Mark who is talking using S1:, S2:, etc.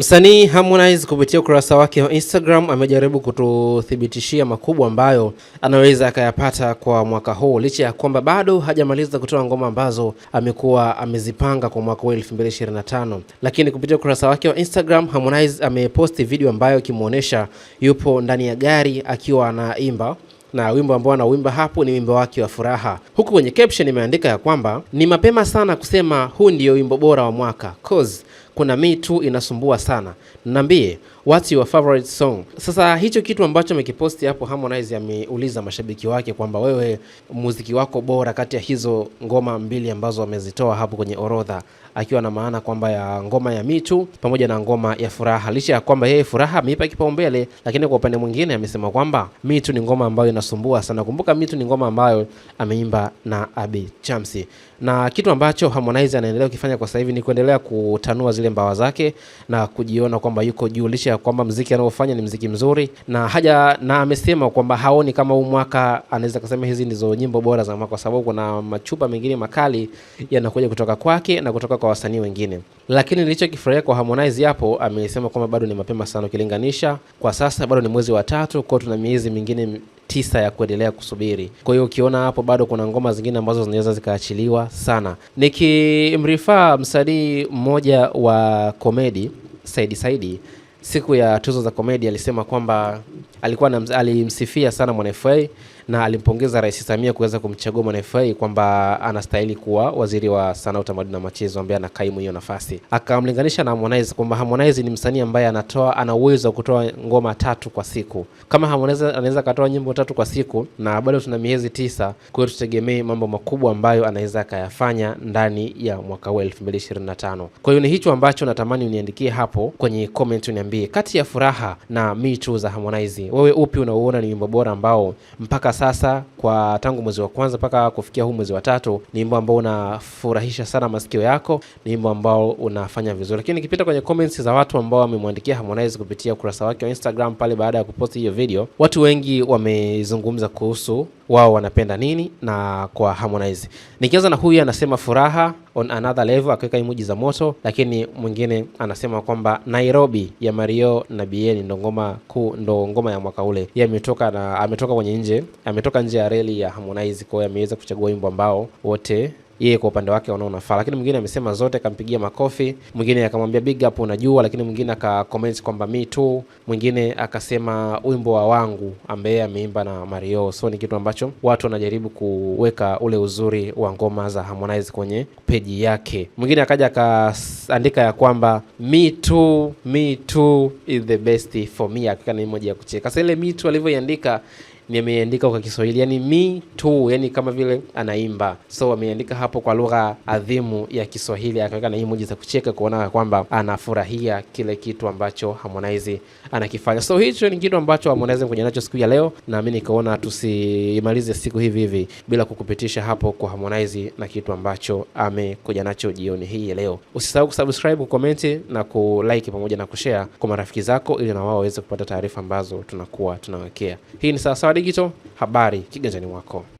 S1: Msanii Harmonize kupitia ukurasa wake wa Instagram amejaribu kututhibitishia makubwa ambayo anaweza akayapata kwa mwaka huu licha ya kwamba bado hajamaliza kutoa ngoma ambazo amekuwa amezipanga kwa mwaka huu 2025. Lakini kupitia ukurasa wake wa Instagram, Harmonize ameposti video ambayo ikimwonyesha yupo ndani ya gari akiwa anaimba na wimbo ambao anauimba hapo ni wimbo wake wa furaha, huku kwenye caption imeandika ya kwamba ni mapema sana kusema huu ndio wimbo bora wa mwaka cause kuna mi tu inasumbua sana, niambie what's your favorite song. Sasa hicho kitu ambacho amekiposti hapo, Harmonize ameuliza mashabiki wake kwamba wewe, muziki wako bora kati ya hizo ngoma mbili ambazo amezitoa hapo kwenye orodha, akiwa na maana kwamba ya ngoma ya mitu pamoja na ngoma ya Furaha, licha ya kwamba yeye Furaha ameipa kipaumbele, lakini kwa upande mwingine amesema kwamba mitu ni ngoma ambayo inasumbua sana. Kumbuka mitu ni ngoma ambayo ameimba na Abi Chamsi, na kitu ambacho Harmonize anaendelea kukifanya kwa sasa hivi ni kuendelea kutanua zile mbawa zake na kujiona kwamba yuko juu, licha ya kwamba mziki anaofanya ni mziki mzuri na haja na amesema kwamba haoni kama huu mwaka anaweza kusema hizi ndizo nyimbo bora za mwaka, kwa sababu kuna machupa mengine makali yanakuja kutoka kwake na kutoka kwa wasanii wengine. Lakini nilichokifurahia kwa Harmonize hapo, amesema kwamba bado ni mapema sana ukilinganisha kwa sasa, bado ni mwezi wa tatu kwao, tuna miezi mingine tisa ya kuendelea kusubiri. Kwa hiyo ukiona hapo bado kuna ngoma zingine ambazo zinaweza zikaachiliwa sana. Nikimrifaa msanii mmoja wa komedi Saidi Saidi siku ya tuzo za komedi alisema kwamba alikuwa na, alimsifia sana mwanafa na alimpongeza Rais Samia kuweza kumchagua mwanafa kwamba anastahili kuwa waziri wa sanaa, utamaduni na michezo ambaye anakaimu hiyo nafasi. Akamlinganisha na Harmonize kwamba Harmonize ni msanii ambaye anatoa ana uwezo wa kutoa ngoma tatu kwa siku. Kama Harmonize anaweza akatoa nyimbo tatu kwa siku na bado tuna miezi tisa, kwa tutegemee mambo makubwa ambayo anaweza akayafanya ndani ya mwaka huu 2025. Kwa hiyo ni hicho ambacho natamani uniandikie hapo kwenye comment niambie, kati ya Furaha na Me za Harmonize, wewe upi unauona ni wimbo bora ambao mpaka sasa kwa tangu mwezi wa kwanza mpaka kufikia huu mwezi wa tatu ni wimbo ambao unafurahisha sana masikio yako, ni wimbo ambao unafanya vizuri? Lakini nikipita kwenye comments za watu ambao wamemwandikia Harmonize kupitia ukurasa wake wa Instagram pale baada ya kuposti hiyo video, watu wengi wamezungumza kuhusu wao wanapenda nini na kwa Harmonize. Nikianza na huyu anasema furaha on another level akiweka emoji za moto, lakini mwingine anasema kwamba Nairobi ya Mario na Bien ndo ngoma kuu, ndo ngoma ya mwaka ule. Yeye ametoka na ametoka kwenye nje, ametoka nje ya reli ya Harmonize, kwa hiyo ameweza kuchagua wimbo ambao wote yeye kwa upande wake anaona faa lakini mwingine amesema zote, akampigia makofi, mwingine akamwambia big up, unajua, lakini mwingine akakomenti kwamba me tu mwingine akasema wimbo wa wangu ambaye ameimba na Mario. So ni kitu ambacho watu wanajaribu kuweka ule uzuri wa ngoma za Harmonize kwenye peji yake. Mwingine akaja akaandika ya kwamba me too, me too is the best for me, hakika ni moja ya kucheka. Sasa ile me alivyoiandika nimeandika kwa Kiswahili, yani mi tu, yani kama vile anaimba. So ameandika hapo kwa lugha adhimu ya Kiswahili, akaweka na emoji za kucheka kuona kwamba anafurahia kile kitu ambacho Harmonize anakifanya. So hicho ni kitu ambacho Harmonize mkuja nacho siku ya leo, na nami nikaona tusimalize siku hivi hivi bila kukupitisha hapo kwa Harmonize na kitu ambacho amekuja nacho jioni hii ya leo. Usisahau kusubscribe, kukomenti na kulike pamoja na kushare kwa marafiki zako, ili na wao waweze kupata taarifa ambazo tunakuwa tunawekea. Hii ni Sawasawa Digital, habari kiganjani mwako.